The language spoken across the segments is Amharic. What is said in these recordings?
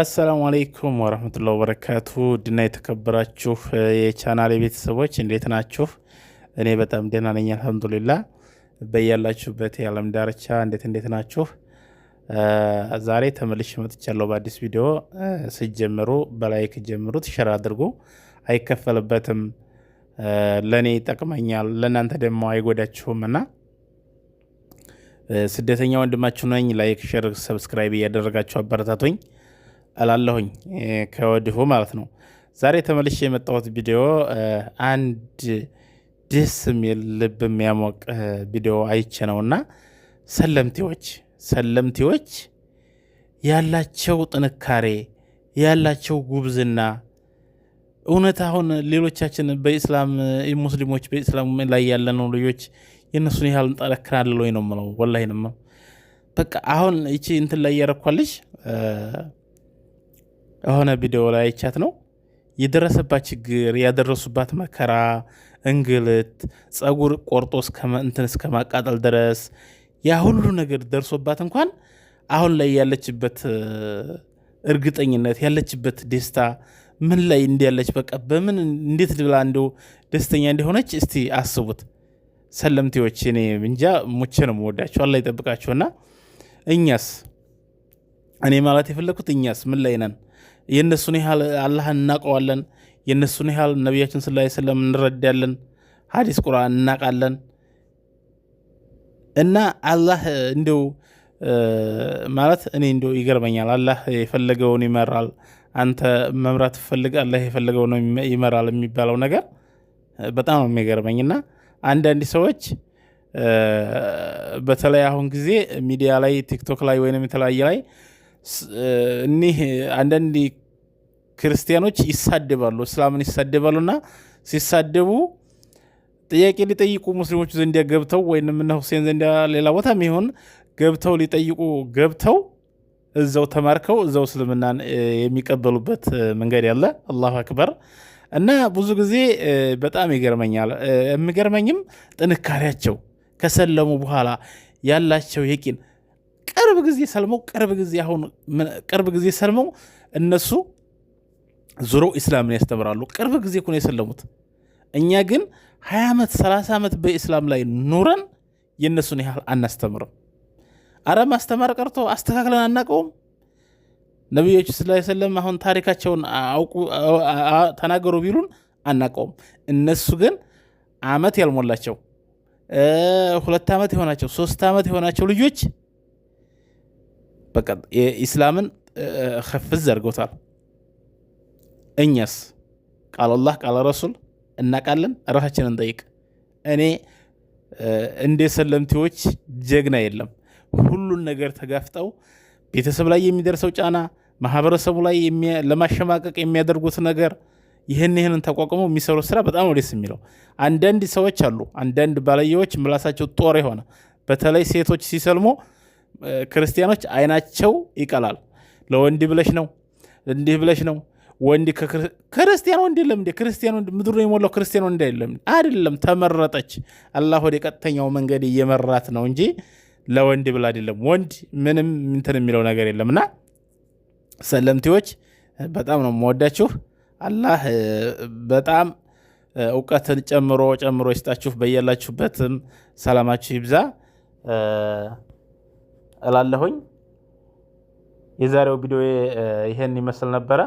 አሰላሙ አለይኩም ወረህመቱላሂ ወበረካቱ ድና የተከበራችሁ የቻናል ቤተሰቦች እንዴት ናችሁ? እኔ በጣም ደህና ነኝ አልሐምዱሊላ። በያላችሁበት የዓለም ዳርቻ እንዴት እንዴት ናችሁ? ዛሬ ተመልሼ መጥቻለሁ በአዲስ ቪዲዮ። ስጀምሩ በላይክ ጀምሩት፣ ሸር አድርጉ፣ አይከፈልበትም። ለእኔ ይጠቅመኛል፣ ለእናንተ ደግሞ አይጎዳችሁም እና ስደተኛ ወንድማችሁ ነኝ። ላይክ ሸር፣ ሰብስክራይብ እያደረጋችሁ አበረታቱኝ። እላለሁኝ ከወዲሁ ማለት ነው። ዛሬ ተመልሼ የመጣሁት ቪዲዮ አንድ ደስ የሚል ልብ የሚያሞቅ ቪዲዮ አይቼ ነውና ሰለምቴዎች ሰለምቴዎች ያላቸው ጥንካሬ ያላቸው ጉብዝና እውነት አሁን ሌሎቻችን በኢስላም ሙስሊሞች በኢስላም ላይ ያለነው ልጆች የእነሱን ያህል እንጠነክራለን ወይ ነው ምለው። ወላሂ ነው በቃ አሁን ይቺ እንትን ላይ ያረኳልሽ የሆነ ቪዲዮ ላይ አይቻት ነው የደረሰባት ችግር ያደረሱባት መከራ፣ እንግልት፣ ጸጉር ቆርጦ እንትን እስከ ማቃጠል ድረስ ያ ሁሉ ነገር ደርሶባት እንኳን አሁን ላይ ያለችበት እርግጠኝነት ያለችበት ደስታ ምን ላይ እንዲያለች በቃ በምን እንዴት ብላ እንደው ደስተኛ እንደሆነች እስቲ አስቡት። ሰለምቴዎች እኔ እንጃ ሙቼ ነው መወዳቸው አላ ይጠብቃቸውና እኛስ እኔ ማለት የፈለግኩት እኛስ ምን ላይ ነን? የእነሱን ያህል አላህን እናውቀዋለን? የእነሱን ያህል ነቢያችን ስላ ስለም እንረዳለን? ሀዲስ ቁርአን እናውቃለን? እና አላህ እንዲው ማለት እኔ እንዲው ይገርመኛል። አላህ የፈለገውን ይመራል። አንተ መምራት ትፈልግ፣ አላህ የፈለገው ነው ይመራል የሚባለው ነገር በጣም ነው የሚገርመኝ። እና አንዳንድ ሰዎች በተለይ አሁን ጊዜ ሚዲያ ላይ ቲክቶክ ላይ ወይም የተለያየ ላይ እኒህ አንዳንድ ክርስቲያኖች ይሳደባሉ፣ እስላምን ይሳደባሉና ሲሳደቡ ጥያቄ ሊጠይቁ ሙስሊሞቹ ዘንድ ገብተው ወይም እነ ሁሴን ዘንድ ሌላ ቦታ ሚሆን ገብተው ሊጠይቁ ገብተው እዛው ተማርከው እዛው እስልምናን የሚቀበሉበት መንገድ ያለ። አላሁ አክበር። እና ብዙ ጊዜ በጣም ይገርመኛል። የሚገርመኝም ጥንካሬያቸው ከሰለሙ በኋላ ያላቸው የቂን ቅርብ ጊዜ ሰልመው ቅርብ ጊዜ አሁን ቅርብ ጊዜ ሰልመው እነሱ ዙሮ ኢስላምን ያስተምራሉ። ቅርብ ጊዜ እኮ ነው የሰለሙት። እኛ ግን ሀያ ዓመት ሰላሳ ዓመት በኢስላም ላይ ኑረን የእነሱን ያህል አናስተምርም። አረ ማስተማር ቀርቶ አስተካክለን አናውቀውም። ነቢዮች ስላ ሰለም አሁን ታሪካቸውን ተናገሩ ቢሉን አናውቀውም። እነሱ ግን ዓመት ያልሞላቸው ሁለት ዓመት የሆናቸው ሶስት ዓመት የሆናቸው ልጆች በቃ የኢስላምን ከፍዝ ዘርጎታል። እኛስ ቃል አላህ ቃል ረሱል እናቃለን። ራሳችንን እንጠይቅ። እኔ እንደ ሰለምቴዎች ጀግና የለም። ሁሉን ነገር ተጋፍጠው ቤተሰብ ላይ የሚደርሰው ጫና፣ ማህበረሰቡ ላይ ለማሸማቀቅ የሚያደርጉት ነገር ይህን ይህንን ተቋቁመው የሚሰሩት ስራ በጣም ነው ደስ የሚለው። አንዳንድ ሰዎች አሉ፣ አንዳንድ ባለየዎች ምላሳቸው ጦር የሆነ በተለይ ሴቶች ሲሰልሙ ክርስቲያኖች አይናቸው ይቀላል። ለወንድ ብለሽ ነው እንዲህ ብለሽ ነው ወንድ ክርስቲያን ወንድ የለም እንዴ? ክርስቲያን ወንድ ምድሩ የሞላው ክርስቲያን ወንድ አይደለም አይደለም። ተመረጠች። አላህ ወደ ቀጥተኛው መንገድ እየመራት ነው እንጂ ለወንድ ብላ አይደለም። ወንድ ምንም እንትን የሚለው ነገር የለም። እና ሰለምቲዎች በጣም ነው የምወዳችሁ። አላህ በጣም እውቀትን ጨምሮ ጨምሮ ይስጣችሁ። በያላችሁበትም ሰላማችሁ ይብዛ። እላለሁኝ። የዛሬው ቪዲዮ ይሄን ይመስል ነበረ።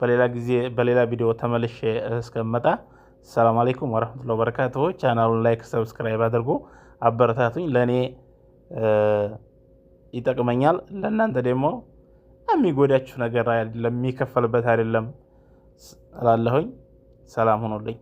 በሌላ ጊዜ በሌላ ቪዲዮ ተመልሼ እስከመጣ ሰላም አለይኩም ወረህመቱላሂ ወበረካቱሁ። ቻናሉን ላይክ፣ ሰብስክራይብ አድርጎ አበረታቱኝ። ለእኔ ይጠቅመኛል፣ ለእናንተ ደግሞ የሚጎዳችሁ ነገር ለሚከፈልበት አይደለም እላለሁኝ። ሰላም ሁኑልኝ።